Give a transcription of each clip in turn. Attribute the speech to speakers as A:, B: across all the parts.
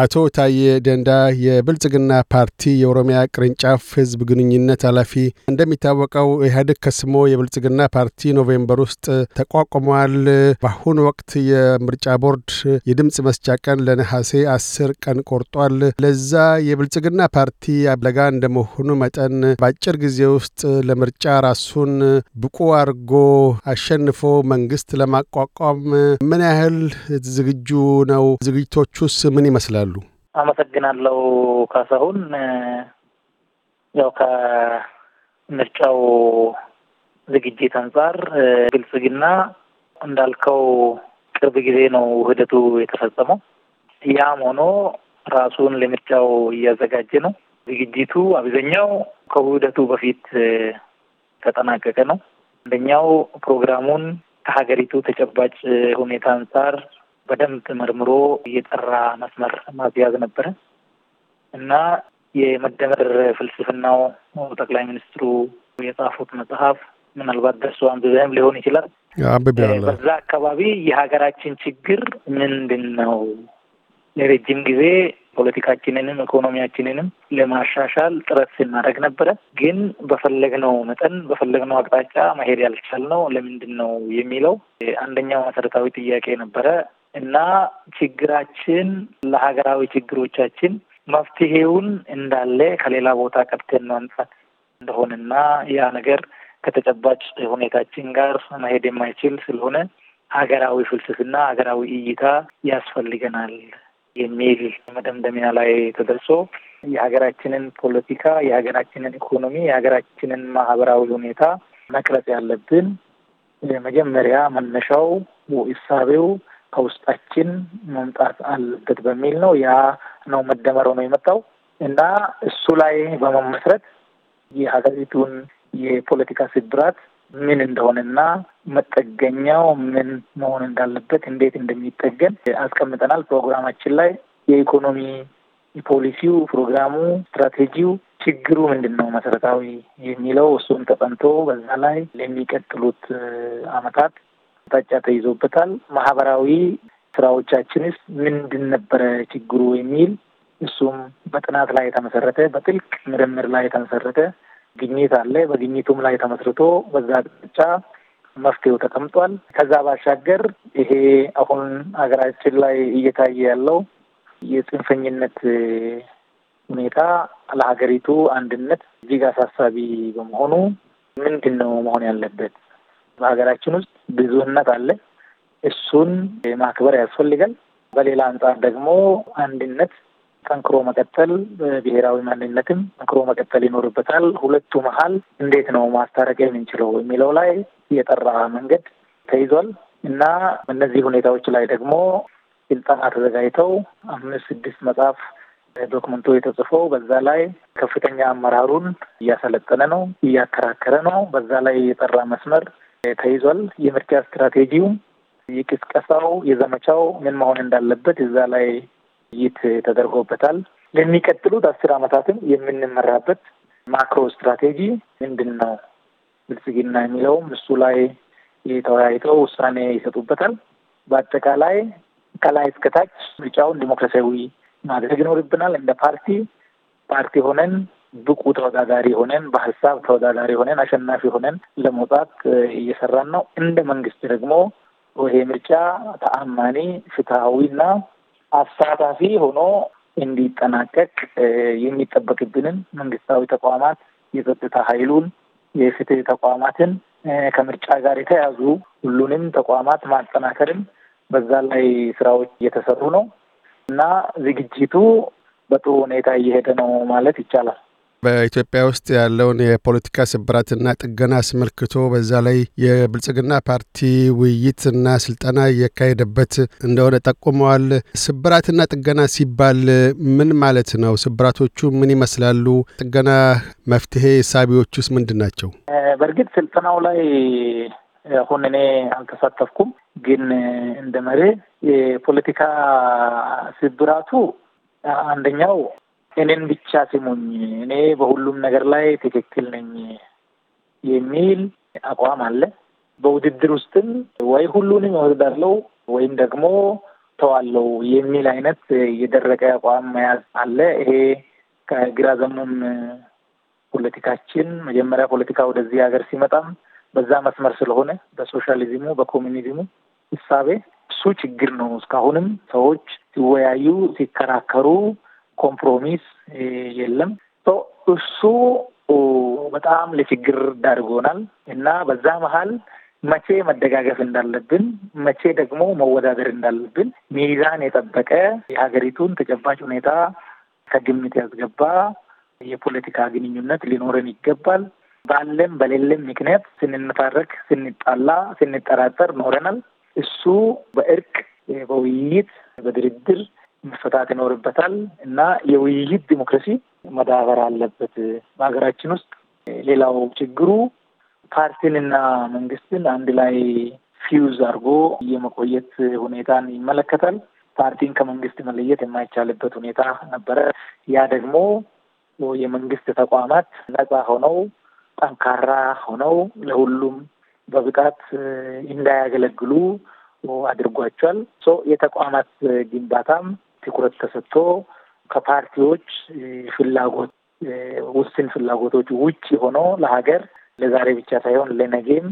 A: አቶ ታዬ ደንዳ የብልጽግና ፓርቲ የኦሮሚያ ቅርንጫፍ ህዝብ ግንኙነት ኃላፊ፣ እንደሚታወቀው ኢህአዴግ ከስሞ የብልጽግና ፓርቲ ኖቬምበር ውስጥ ተቋቁሟል። በአሁኑ ወቅት የምርጫ ቦርድ የድምፅ መስጫ ቀን ለነሐሴ አስር ቀን ቆርጧል። ለዛ የብልጽግና ፓርቲ አብለጋ እንደመሆኑ መጠን በአጭር ጊዜ ውስጥ ለምርጫ ራሱን ብቁ አድርጎ አሸንፎ መንግስት ለማቋቋም ምን ያህል ዝግጁ ነው? ዝግጅቶቹስ ምን ይመስላል? ይላሉ።
B: አመሰግናለሁ ካሳሁን። ያው ከምርጫው ዝግጅት አንጻር ግልጽግና እንዳልከው ቅርብ ጊዜ ነው ውህደቱ የተፈጸመው። ያም ሆኖ ራሱን ለምርጫው እያዘጋጀ ነው። ዝግጅቱ አብዛኛው ከውህደቱ በፊት ተጠናቀቀ ነው። አንደኛው ፕሮግራሙን ከሀገሪቱ ተጨባጭ ሁኔታ አንጻር በደንብ መርምሮ እየጠራ መስመር ማስያዝ ነበረ እና የመደመር ፍልስፍናው ጠቅላይ ሚኒስትሩ የጻፉት መጽሐፍ ምናልባት ደርሶ አንብበህም ሊሆን ይችላል። በዛ አካባቢ የሀገራችን ችግር ምንድን ነው? ለረጅም ጊዜ ፖለቲካችንንም ኢኮኖሚያችንንም ለማሻሻል ጥረት ስናደርግ ነበረ፣ ግን በፈለግነው መጠን በፈለግነው አቅጣጫ መሄድ ያልቻልነው ለምንድን ነው የሚለው አንደኛው መሰረታዊ ጥያቄ ነበረ። እና ችግራችን ለሀገራዊ ችግሮቻችን መፍትሄውን እንዳለ ከሌላ ቦታ ቀብተን ማምጣት እንደሆነና ያ ነገር ከተጨባጭ ሁኔታችን ጋር መሄድ የማይችል ስለሆነ ሀገራዊ ፍልስፍና፣ ሀገራዊ እይታ ያስፈልገናል የሚል መደምደሚያ ላይ ተደርሶ የሀገራችንን ፖለቲካ፣ የሀገራችንን ኢኮኖሚ፣ የሀገራችንን ማህበራዊ ሁኔታ መቅረጽ ያለብን የመጀመሪያ መነሻው እሳቤው ከውስጣችን መምጣት አለበት በሚል ነው። ያ ነው መደመር ነው የመጣው እና እሱ ላይ በመመስረት የሀገሪቱን የፖለቲካ ስብራት ምን እንደሆነና መጠገኛው ምን መሆን እንዳለበት እንዴት እንደሚጠገን አስቀምጠናል ፕሮግራማችን ላይ። የኢኮኖሚ የፖሊሲው ፕሮግራሙ፣ ስትራቴጂው ችግሩ ምንድን ነው መሰረታዊ የሚለው እሱም ተጠንቶ በዛ ላይ ለሚቀጥሉት አመታት አቅጣጫ ተይዞበታል። ማህበራዊ ስራዎቻችንስ ምንድን ነበረ ችግሩ የሚል እሱም በጥናት ላይ የተመሰረተ በጥልቅ ምርምር ላይ የተመሰረተ ግኝት አለ። በግኝቱም ላይ ተመስርቶ በዛ አቅጣጫ መፍትሄው ተቀምጧል። ከዛ ባሻገር ይሄ አሁን ሀገራችን ላይ እየታየ ያለው የጽንፈኝነት ሁኔታ ለሀገሪቱ አንድነት እጅግ አሳሳቢ በመሆኑ ምንድን ነው መሆን ያለበት በሀገራችን ውስጥ ብዙህነት አለ። እሱን ማክበር ያስፈልጋል። በሌላ አንጻር ደግሞ አንድነት ጠንክሮ መቀጠል፣ ብሔራዊ ማንነትም ጠንክሮ መቀጠል ይኖርበታል። ሁለቱ መሀል እንዴት ነው ማስታረቅ የምንችለው የሚለው ላይ የጠራ መንገድ ተይዟል እና እነዚህ ሁኔታዎች ላይ ደግሞ ስልጠና ተዘጋጅተው አምስት ስድስት መጽሐፍ ዶክመንቶ የተጽፈው በዛ ላይ ከፍተኛ አመራሩን እያሰለጠነ ነው፣ እያከራከረ ነው። በዛ ላይ የጠራ መስመር ተይዟል። የምርጫ ስትራቴጂውም የቅስቀሳው የዘመቻው ምን መሆን እንዳለበት እዛ ላይ ውይይት ተደርጎበታል። ለሚቀጥሉት አስር አመታትም የምንመራበት ማክሮ ስትራቴጂ ምንድን ነው ብልጽግና የሚለውም እሱ ላይ የተወያይተው ውሳኔ ይሰጡበታል። በአጠቃላይ ከላይ እስከታች ምርጫውን ዲሞክራሲያዊ ማድረግ ይኖርብናል። እንደ ፓርቲ ፓርቲ ሆነን ብቁ ተወዳዳሪ ሆነን በሀሳብ ተወዳዳሪ ሆነን አሸናፊ ሆነን ለመውጣት እየሰራን ነው። እንደ መንግስት ደግሞ ይሄ ምርጫ ተአማኒ ፍትሐዊና አሳታፊ ሆኖ እንዲጠናቀቅ የሚጠበቅብንን መንግስታዊ ተቋማት የጸጥታ ኃይሉን የፍትህ ተቋማትን ከምርጫ ጋር የተያዙ ሁሉንም ተቋማት ማጠናከርም በዛ ላይ ስራዎች እየተሰሩ ነው እና ዝግጅቱ በጥሩ ሁኔታ እየሄደ ነው ማለት ይቻላል።
A: በኢትዮጵያ ውስጥ ያለውን የፖለቲካ ስብራትና ጥገና አስመልክቶ በዛ ላይ የብልጽግና ፓርቲ ውይይትና ስልጠና እየካሄደበት እንደሆነ ጠቁመዋል። ስብራትና ጥገና ሲባል ምን ማለት ነው? ስብራቶቹ ምን ይመስላሉ? ጥገና መፍትሄ ሳቢዎች ውስጥ ምንድን ናቸው?
B: በእርግጥ ስልጠናው ላይ አሁን እኔ አልተሳተፍኩም፣ ግን እንደ መሬ የፖለቲካ ስብራቱ አንደኛው እኔን ብቻ ስሙኝ፣ እኔ በሁሉም ነገር ላይ ትክክል ነኝ የሚል አቋም አለ። በውድድር ውስጥም ወይ ሁሉንም እወስዳለሁ ወይም ደግሞ ተዋለው የሚል አይነት የደረቀ አቋም መያዝ አለ። ይሄ ከግራ ዘመም ፖለቲካችን መጀመሪያ ፖለቲካ ወደዚህ ሀገር ሲመጣም በዛ መስመር ስለሆነ በሶሻሊዝሙ በኮሚኒዝሙ እሳቤ እሱ ችግር ነው። እስካሁንም ሰዎች ሲወያዩ ሲከራከሩ ኮምፕሮሚስ የለም። እሱ በጣም ለችግር ዳርጎናል እና በዛ መሀል መቼ መደጋገፍ እንዳለብን መቼ ደግሞ መወዳደር እንዳለብን ሚዛን የጠበቀ የሀገሪቱን ተጨባጭ ሁኔታ ከግምት ያስገባ የፖለቲካ ግንኙነት ሊኖረን ይገባል። ባለም በሌለም ምክንያት ስንነታረክ፣ ስንጣላ፣ ስንጠራጠር ኖረናል። እሱ በእርቅ በውይይት፣ በድርድር መፈታት ይኖርበታል እና የውይይት ዲሞክራሲ መዳበር አለበት በሀገራችን ውስጥ። ሌላው ችግሩ ፓርቲን እና መንግስትን አንድ ላይ ፊውዝ አድርጎ የመቆየት ሁኔታን ይመለከታል። ፓርቲን ከመንግስት መለየት የማይቻልበት ሁኔታ ነበረ። ያ ደግሞ የመንግስት ተቋማት ነጻ ሆነው ጠንካራ ሆነው ለሁሉም በብቃት እንዳያገለግሉ አድርጓቸዋል። የተቋማት ግንባታም ትኩረት ተሰጥቶ ከፓርቲዎች ፍላጎት ውስን ፍላጎቶች ውጭ ሆኖ ለሀገር ለዛሬ ብቻ ሳይሆን ለነገም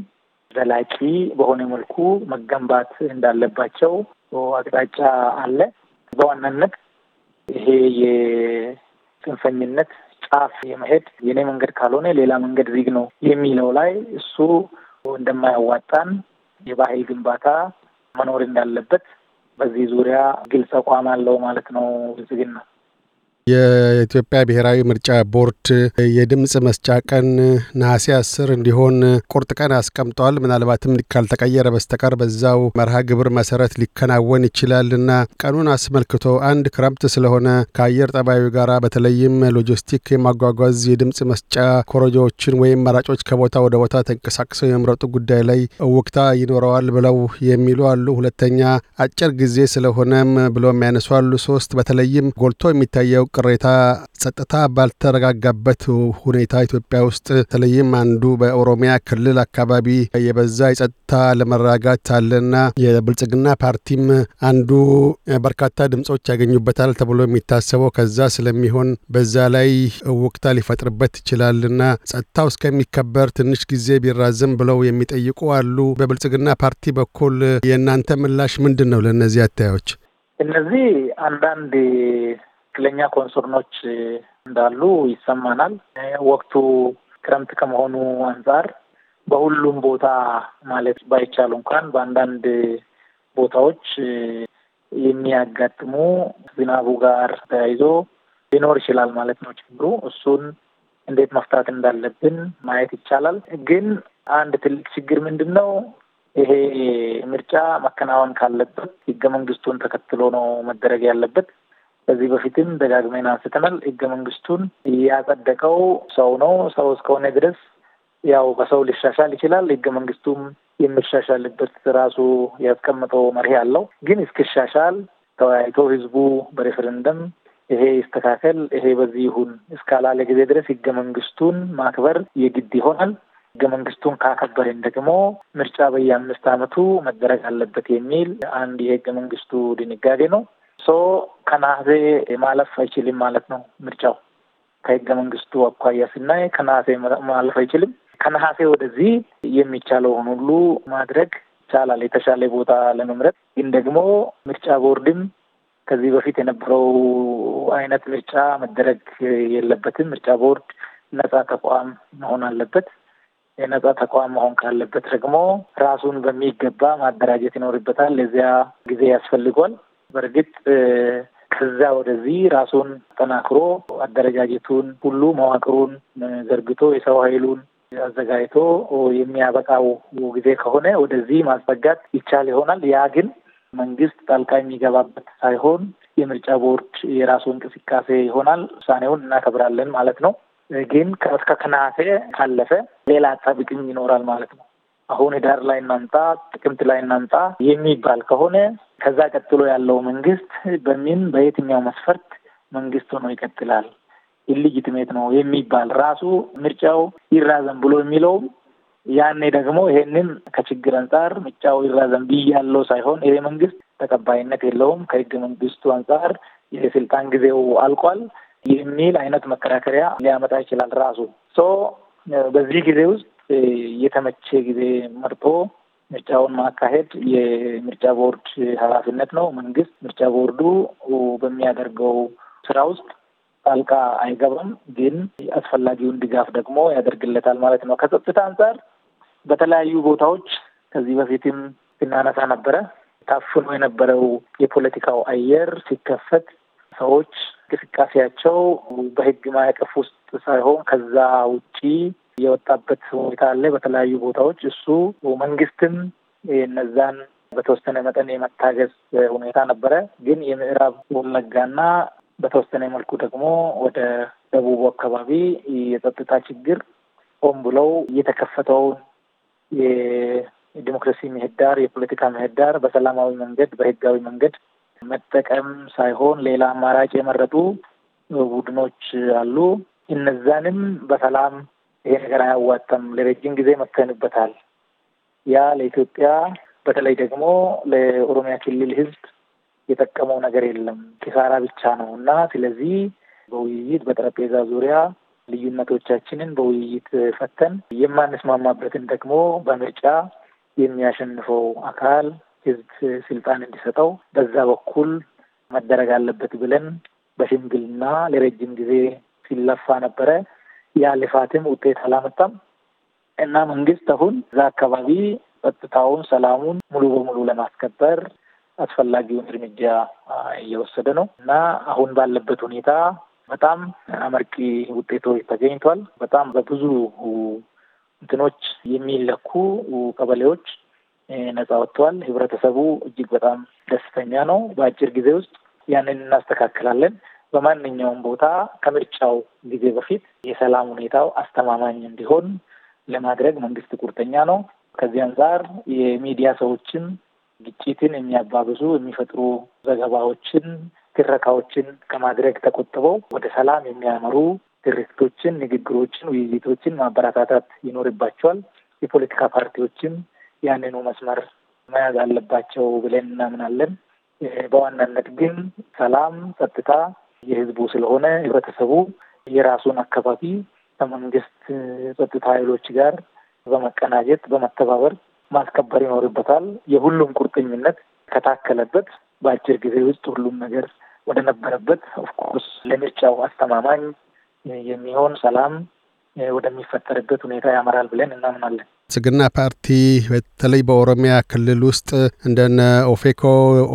B: ዘላቂ በሆነ መልኩ መገንባት እንዳለባቸው አቅጣጫ አለ። በዋናነት ይሄ የጽንፈኝነት ጫፍ የመሄድ የኔ መንገድ ካልሆነ ሌላ መንገድ ዝግ ነው የሚለው ላይ እሱ እንደማያዋጣን የባህል ግንባታ መኖር እንዳለበት በዚህ ዙሪያ ግልጽ አቋም አለው ማለት ነው ብልጽግና።
A: የኢትዮጵያ ብሔራዊ ምርጫ ቦርድ የድምፅ መስጫ ቀን ነሐሴ አስር እንዲሆን ቁርጥ ቀን አስቀምጧል። ምናልባትም ካልተቀየረ በስተቀር በዛው መርሃ ግብር መሰረት ሊከናወን ይችላል እና ቀኑን አስመልክቶ አንድ ክረምት ስለሆነ ከአየር ጠባዩ ጋር በተለይም ሎጂስቲክ የማጓጓዝ የድምፅ መስጫ ኮረጆዎችን ወይም መራጮች ከቦታ ወደ ቦታ ተንቀሳቅሰው የመምረጡ ጉዳይ ላይ እውቅታ ይኖረዋል ብለው የሚሉ አሉ። ሁለተኛ አጭር ጊዜ ስለሆነም ብሎ የሚያነሱ አሉ። ሶስት በተለይም ጎልቶ የሚታየው ቅሬታ ጸጥታ ባልተረጋጋበት ሁኔታ ኢትዮጵያ ውስጥ በተለይም አንዱ በኦሮሚያ ክልል አካባቢ የበዛ የጸጥታ ለመረጋጋት አለና የብልጽግና ፓርቲም አንዱ በርካታ ድምጾች ያገኙበታል ተብሎ የሚታሰበው ከዛ ስለሚሆን በዛ ላይ እውቅታ ሊፈጥርበት ይችላልና ጸጥታው እስከሚከበር ትንሽ ጊዜ ቢራዘም ብለው የሚጠይቁ አሉ። በብልጽግና ፓርቲ በኩል የእናንተ ምላሽ ምንድን ነው ለእነዚህ አታዮች?
B: እነዚህ አንዳንድ ትክክለኛ ኮንሰርኖች እንዳሉ ይሰማናል። ወቅቱ ክረምት ከመሆኑ አንጻር በሁሉም ቦታ ማለት ባይቻሉ እንኳን በአንዳንድ ቦታዎች የሚያጋጥሙ ዝናቡ ጋር ተያይዞ ሊኖር ይችላል ማለት ነው ችግሩ። እሱን እንዴት መፍታት እንዳለብን ማየት ይቻላል። ግን አንድ ትልቅ ችግር ምንድን ነው? ይሄ ምርጫ መከናወን ካለበት ህገ መንግስቱን ተከትሎ ነው መደረግ ያለበት። ከዚህ በፊትም ደጋግመን አንስተናል። ህገ መንግስቱን ያጸደቀው ሰው ነው። ሰው እስከሆነ ድረስ ያው በሰው ሊሻሻል ይችላል። ህገ መንግስቱም የሚሻሻልበት ራሱ ያስቀምጠው መርህ አለው። ግን እስኪሻሻል ተወያይቶ ህዝቡ በሬፈረንደም ይሄ ይስተካከል፣ ይሄ በዚህ ይሁን እስካላለ ጊዜ ድረስ ህገ መንግስቱን ማክበር የግድ ይሆናል። ህገ መንግስቱን ካከበርን ደግሞ ምርጫ በየአምስት አመቱ መደረግ አለበት የሚል አንድ የህገ መንግስቱ ድንጋጌ ነው። ሶ ከነሐሴ ማለፍ አይችልም ማለት ነው። ምርጫው ከህገ መንግስቱ አኳያ ስናይ ከነሐሴ ማለፍ አይችልም። ከነሐሴ ወደዚህ የሚቻለውን ሁሉ ማድረግ ይቻላል፣ የተሻለ ቦታ ለመምረጥ ግን ደግሞ ምርጫ ቦርድም ከዚህ በፊት የነበረው አይነት ምርጫ መደረግ የለበትም። ምርጫ ቦርድ ነጻ ተቋም መሆን አለበት። የነጻ ተቋም መሆን ካለበት ደግሞ ራሱን በሚገባ ማደራጀት ይኖርበታል። ለዚያ ጊዜ ያስፈልጓል። በእርግጥ ከዛ ወደዚህ ራሱን አጠናክሮ አደረጃጀቱን ሁሉ መዋቅሩን ዘርግቶ የሰው ኃይሉን አዘጋጅቶ የሚያበቃው ጊዜ ከሆነ ወደዚህ ማስጠጋት ይቻል ይሆናል። ያ ግን መንግስት ጣልቃ የሚገባበት ሳይሆን የምርጫ ቦርድ የራሱ እንቅስቃሴ ይሆናል። ውሳኔውን እናከብራለን ማለት ነው። ግን ከትከክናሴ ካለፈ ሌላ አጣብቂኝ ይኖራል ማለት ነው። አሁን ህዳር ላይ እናምጣ፣ ጥቅምት ላይ እናምጣ የሚባል ከሆነ ከዛ ቀጥሎ ያለው መንግስት በምን በየትኛው መስፈርት መንግስት ሆኖ ይቀጥላል ኢሊጂትሜት ነው የሚባል ራሱ ምርጫው ይራዘም ብሎ የሚለውም ያኔ ደግሞ ይሄንን ከችግር አንጻር ምርጫው ይራዘም ብያለው ሳይሆን ይሄ መንግስት ተቀባይነት የለውም ከህገ መንግስቱ አንጻር የስልጣን ጊዜው አልቋል የሚል አይነት መከራከሪያ ሊያመጣ ይችላል ራሱ። ሶ በዚህ ጊዜ ውስጥ እየተመቼ ጊዜ መርጦ ምርጫውን ማካሄድ የምርጫ ቦርድ ኃላፊነት ነው። መንግስት ምርጫ ቦርዱ በሚያደርገው ስራ ውስጥ ጣልቃ አይገባም፣ ግን አስፈላጊውን ድጋፍ ደግሞ ያደርግለታል ማለት ነው። ከጸጥታ አንጻር በተለያዩ ቦታዎች ከዚህ በፊትም ስናነሳ ነበረ። ታፍኖ የነበረው የፖለቲካው አየር ሲከፈት ሰዎች እንቅስቃሴያቸው በህግ ማዕቀፍ ውስጥ ሳይሆን ከዛ ውጪ የወጣበት ሁኔታ አለ በተለያዩ ቦታዎች። እሱ መንግስትም እነዛን በተወሰነ መጠን የመታገዝ ሁኔታ ነበረ። ግን የምዕራብ ወለጋና በተወሰነ መልኩ ደግሞ ወደ ደቡቡ አካባቢ የጸጥታ ችግር ሆን ብለው የተከፈተውን የዲሞክራሲ ምህዳር፣ የፖለቲካ ምህዳር በሰላማዊ መንገድ በህጋዊ መንገድ መጠቀም ሳይሆን ሌላ አማራጭ የመረጡ ቡድኖች አሉ። እነዛንም በሰላም ይሄ ነገር አያዋጣም፣ ለረጅም ጊዜ መተንበታል። ያ ለኢትዮጵያ በተለይ ደግሞ ለኦሮሚያ ክልል ህዝብ የጠቀመው ነገር የለም ኪሳራ ብቻ ነው እና ስለዚህ በውይይት በጠረጴዛ ዙሪያ ልዩነቶቻችንን በውይይት ፈተን የማንስማማበትን ደግሞ በምርጫ የሚያሸንፈው አካል ህዝብ ስልጣን እንዲሰጠው በዛ በኩል መደረግ አለበት ብለን በሽምግልና ለረጅም ጊዜ ሲለፋ ነበረ። ያ ልፋትም ውጤት አላመጣም እና መንግስት አሁን እዛ አካባቢ ጸጥታውን፣ ሰላሙን ሙሉ በሙሉ ለማስከበር አስፈላጊውን እርምጃ እየወሰደ ነው እና አሁን ባለበት ሁኔታ በጣም አመርቂ ውጤቶች ተገኝቷል። በጣም በብዙ እንትኖች የሚለኩ ቀበሌዎች ነጻ ወጥተዋል። ህብረተሰቡ እጅግ በጣም ደስተኛ ነው። በአጭር ጊዜ ውስጥ ያንን እናስተካክላለን በማንኛውም ቦታ ከምርጫው ጊዜ በፊት የሰላም ሁኔታው አስተማማኝ እንዲሆን ለማድረግ መንግስት ቁርጠኛ ነው። ከዚህ አንጻር የሚዲያ ሰዎችም ግጭትን የሚያባብሱ የሚፈጥሩ ዘገባዎችን፣ ትረካዎችን ከማድረግ ተቆጥበው ወደ ሰላም የሚያመሩ ትርክቶችን፣ ንግግሮችን፣ ውይይቶችን ማበረታታት ይኖርባቸዋል። የፖለቲካ ፓርቲዎችም ያንኑ መስመር መያዝ አለባቸው ብለን እናምናለን። በዋናነት ግን ሰላም፣ ጸጥታ የህዝቡ ስለሆነ ህብረተሰቡ የራሱን አካባቢ ከመንግስት ጸጥታ ኃይሎች ጋር በመቀናጀት በመተባበር ማስከበር ይኖርበታል። የሁሉም ቁርጠኝነት ከታከለበት በአጭር ጊዜ ውስጥ ሁሉም ነገር ወደ ነበረበት ኦፍኮርስ ለምርጫው አስተማማኝ የሚሆን ሰላም ወደሚፈጠርበት ሁኔታ ያመራል ብለን እናምናለን።
A: ብልጽግና ፓርቲ በተለይ በኦሮሚያ ክልል ውስጥ እንደነ ኦፌኮ፣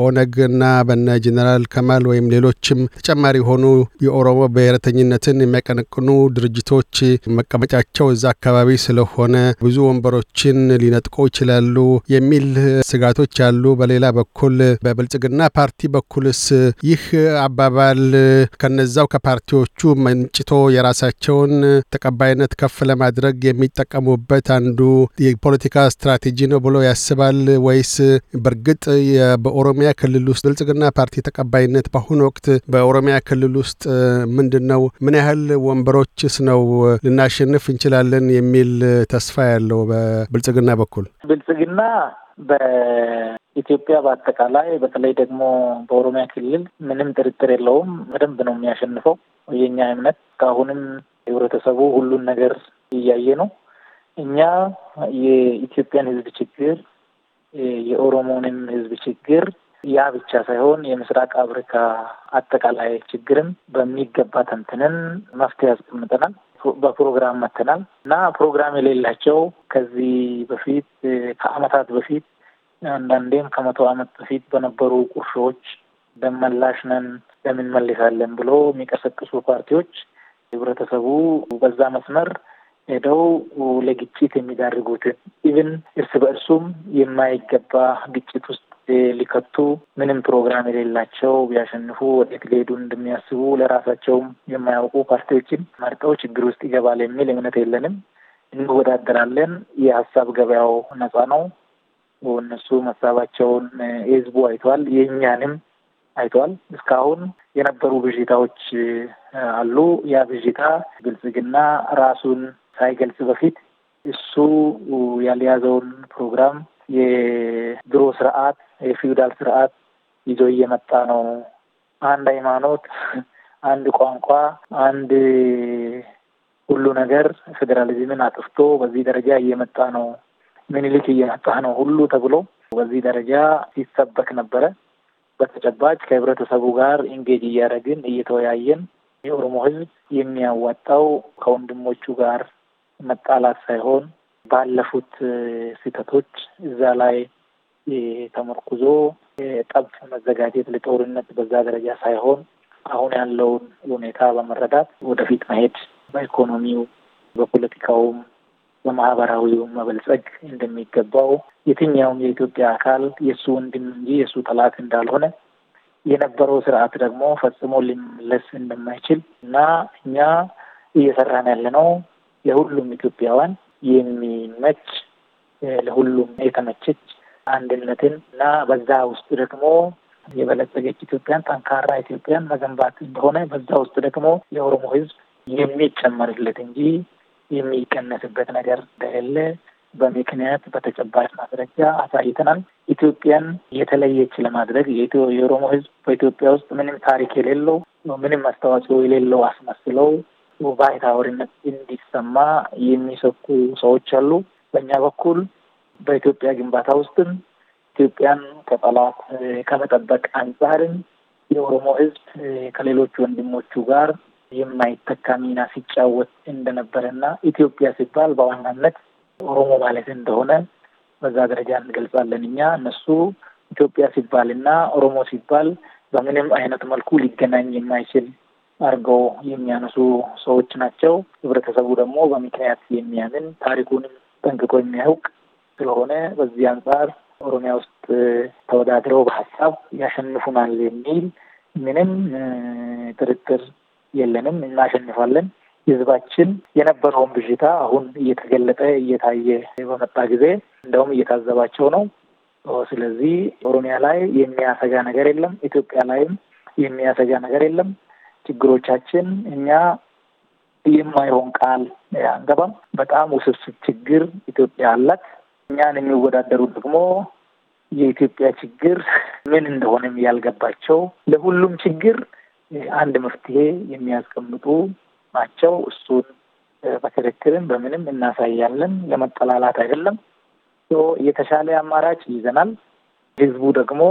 A: ኦነግ እና በነ ጀኔራል ከማል ወይም ሌሎችም ተጨማሪ የሆኑ የኦሮሞ ብሔረተኝነትን የሚያቀነቅኑ ድርጅቶች መቀመጫቸው እዛ አካባቢ ስለሆነ ብዙ ወንበሮችን ሊነጥቁ ይችላሉ የሚል ስጋቶች አሉ። በሌላ በኩል በብልጽግና ፓርቲ በኩልስ ይህ አባባል ከነዛው ከፓርቲዎቹ መንጭቶ የራሳቸውን ተቀባይነት ከፍ ለማድረግ የሚጠቀሙበት አንዱ የፖለቲካ ስትራቴጂ ነው ብሎ ያስባል ወይስ በእርግጥ በኦሮሚያ ክልል ውስጥ ብልጽግና ፓርቲ ተቀባይነት በአሁኑ ወቅት በኦሮሚያ ክልል ውስጥ ምንድን ነው? ምን ያህል ወንበሮችስ ነው ልናሸንፍ እንችላለን የሚል ተስፋ ያለው በብልጽግና በኩል
B: ብልጽግና በኢትዮጵያ በአጠቃላይ በተለይ ደግሞ በኦሮሚያ ክልል ምንም ጥርጥር የለውም፣ በደንብ ነው የሚያሸንፈው። የኛ እምነት እስካሁንም ህብረተሰቡ ሁሉን ነገር እያየ ነው። እኛ የኢትዮጵያን ህዝብ ችግር የኦሮሞንም ህዝብ ችግር ያ ብቻ ሳይሆን የምስራቅ አፍሪካ አጠቃላይ ችግርም በሚገባ ተንትነን መፍትሄ ያስቀምጠናል። በፕሮግራም መተናል እና ፕሮግራም የሌላቸው ከዚህ በፊት ከአመታት በፊት አንዳንዴም ከመቶ ዓመት በፊት በነበሩ ቁርሾዎች ደመላሽ ነን ለምን መልሳለን ብሎ የሚቀሰቅሱ ፓርቲዎች ህብረተሰቡ በዛ መስመር ሄደው ለግጭት የሚዳርጉትን ኢቭን እርስ በእርሱም የማይገባ ግጭት ውስጥ ሊከቱ ምንም ፕሮግራም የሌላቸው ቢያሸንፉ ወዴት ሊሄዱ እንደሚያስቡ ለራሳቸውም የማያውቁ ፓርቲዎችን መርጠው ችግር ውስጥ ይገባል የሚል እምነት የለንም። እንወዳደራለን። የሀሳብ ገበያው ነጻ ነው። እነሱ ሀሳባቸውን ህዝቡ አይቷል፣ የእኛንም አይቷል። እስካሁን የነበሩ ብዥታዎች አሉ። ያ ብዥታ ብልጽግና ራሱን ሳይገልጽ በፊት እሱ ያልያዘውን ፕሮግራም የድሮ ስርዓት የፊውዳል ስርዓት ይዞ እየመጣ ነው። አንድ ሃይማኖት፣ አንድ ቋንቋ፣ አንድ ሁሉ ነገር ፌዴራሊዝምን አጥፍቶ በዚህ ደረጃ እየመጣ ነው፣ ምኒልክ እየመጣ ነው ሁሉ ተብሎ በዚህ ደረጃ ሲሰበክ ነበረ። በተጨባጭ ከህብረተሰቡ ጋር ኢንጌጅ እያደረግን እየተወያየን የኦሮሞ ህዝብ የሚያዋጣው ከወንድሞቹ ጋር መጣላት ሳይሆን ባለፉት ስህተቶች እዛ ላይ ተመርኩዞ ጠብ መዘጋጀት ለጦርነት በዛ ደረጃ ሳይሆን አሁን ያለውን ሁኔታ በመረዳት ወደፊት መሄድ በኢኮኖሚው፣ በፖለቲካውም፣ በማህበራዊውም መበልጸግ እንደሚገባው የትኛውም የኢትዮጵያ አካል የእሱ ወንድም እንጂ የእሱ ጠላት እንዳልሆነ የነበረው ስርዓት ደግሞ ፈጽሞ ሊመለስ እንደማይችል እና እኛ እየሰራን ያለነው ለሁሉም ኢትዮጵያውያን የሚመች ለሁሉም የተመቸች አንድነትን እና በዛ ውስጥ ደግሞ የበለጸገች ኢትዮጵያን ጠንካራ ኢትዮጵያን መገንባት እንደሆነ በዛ ውስጥ ደግሞ የኦሮሞ ሕዝብ የሚጨመርለት እንጂ የሚቀነስበት ነገር እንደሌለ በምክንያት በተጨባጭ ማስረጃ አሳይተናል። ኢትዮጵያን የተለየች ለማድረግ የኦሮሞ ሕዝብ በኢትዮጵያ ውስጥ ምንም ታሪክ የሌለው ምንም አስተዋጽኦ የሌለው አስመስለው ባይት አውሪነት እንዲሰማ የሚሰኩ ሰዎች አሉ። በእኛ በኩል በኢትዮጵያ ግንባታ ውስጥም ኢትዮጵያን ከጠላት ከመጠበቅ አንጻርም የኦሮሞ ሕዝብ ከሌሎች ወንድሞቹ ጋር የማይተካ ሚና ሲጫወት እንደነበረና ኢትዮጵያ ሲባል በዋናነት ኦሮሞ ማለት እንደሆነ በዛ ደረጃ እንገልጻለን። እኛ እነሱ ኢትዮጵያ ሲባልና ኦሮሞ ሲባል በምንም አይነት መልኩ ሊገናኝ የማይችል አድርገው የሚያነሱ ሰዎች ናቸው። ህብረተሰቡ ደግሞ በምክንያት የሚያምን ታሪኩንም ጠንቅቆ የሚያውቅ ስለሆነ በዚህ አንጻር ኦሮሚያ ውስጥ ተወዳድረው በሀሳብ ያሸንፉናል የሚል ምንም ጥርጥር የለንም። እናሸንፋለን። ህዝባችን የነበረውን ብዥታ አሁን እየተገለጠ እየታየ በመጣ ጊዜ እንደውም እየታዘባቸው ነው። ስለዚህ ኦሮሚያ ላይ የሚያሰጋ ነገር የለም። ኢትዮጵያ ላይም የሚያሰጋ ነገር የለም። ችግሮቻችን እኛ የማይሆን ቃል አንገባም። በጣም ውስብስብ ችግር ኢትዮጵያ አላት። እኛን የሚወዳደሩ ደግሞ የኢትዮጵያ ችግር ምን እንደሆነም ያልገባቸው ለሁሉም ችግር አንድ መፍትሄ የሚያስቀምጡ ናቸው። እሱን በክርክርም በምንም እናሳያለን። ለመጠላላት አይደለም። የተሻለ አማራጭ ይዘናል። ህዝቡ ደግሞ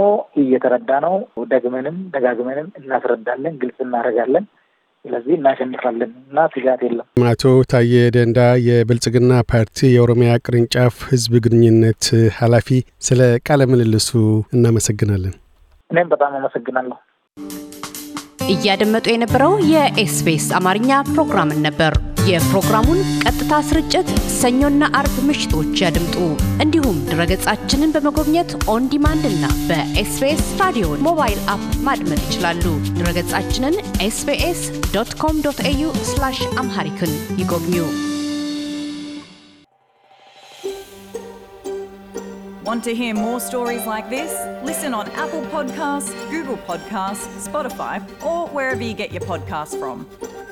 B: እየተረዳ ነው። ደግመንም ደጋግመንም እናስረዳለን፣ ግልጽ እናደርጋለን። ስለዚህ እናሸንፋለን እና ስጋት የለም።
A: አቶ ታዬ ደንዳ የብልጽግና ፓርቲ የኦሮሚያ ቅርንጫፍ ህዝብ ግንኙነት ኃላፊ፣ ስለ ቃለ ምልልሱ እናመሰግናለን።
B: እኔም በጣም አመሰግናለሁ።
A: እያደመጡ የነበረው የኤስቢኤስ አማርኛ ፕሮግራምን ነበር። የፕሮግራሙን ቀ በቀጥታ ስርጭት ሰኞና አርብ ምሽቶች ያድምጡ። እንዲሁም ድረገጻችንን በመጎብኘት ኦን ዲማንድ እና ራዲዮ ሞባይል አፕ ማድመጥ ይችላሉ። ድረገጻችንን ዶት ኮም ዶት ኤዩ አምሃሪክን ይጎብኙ። Want to hear more stories like this? Listen on Apple Podcasts, Google Podcasts, Spotify, or wherever you get your podcasts from.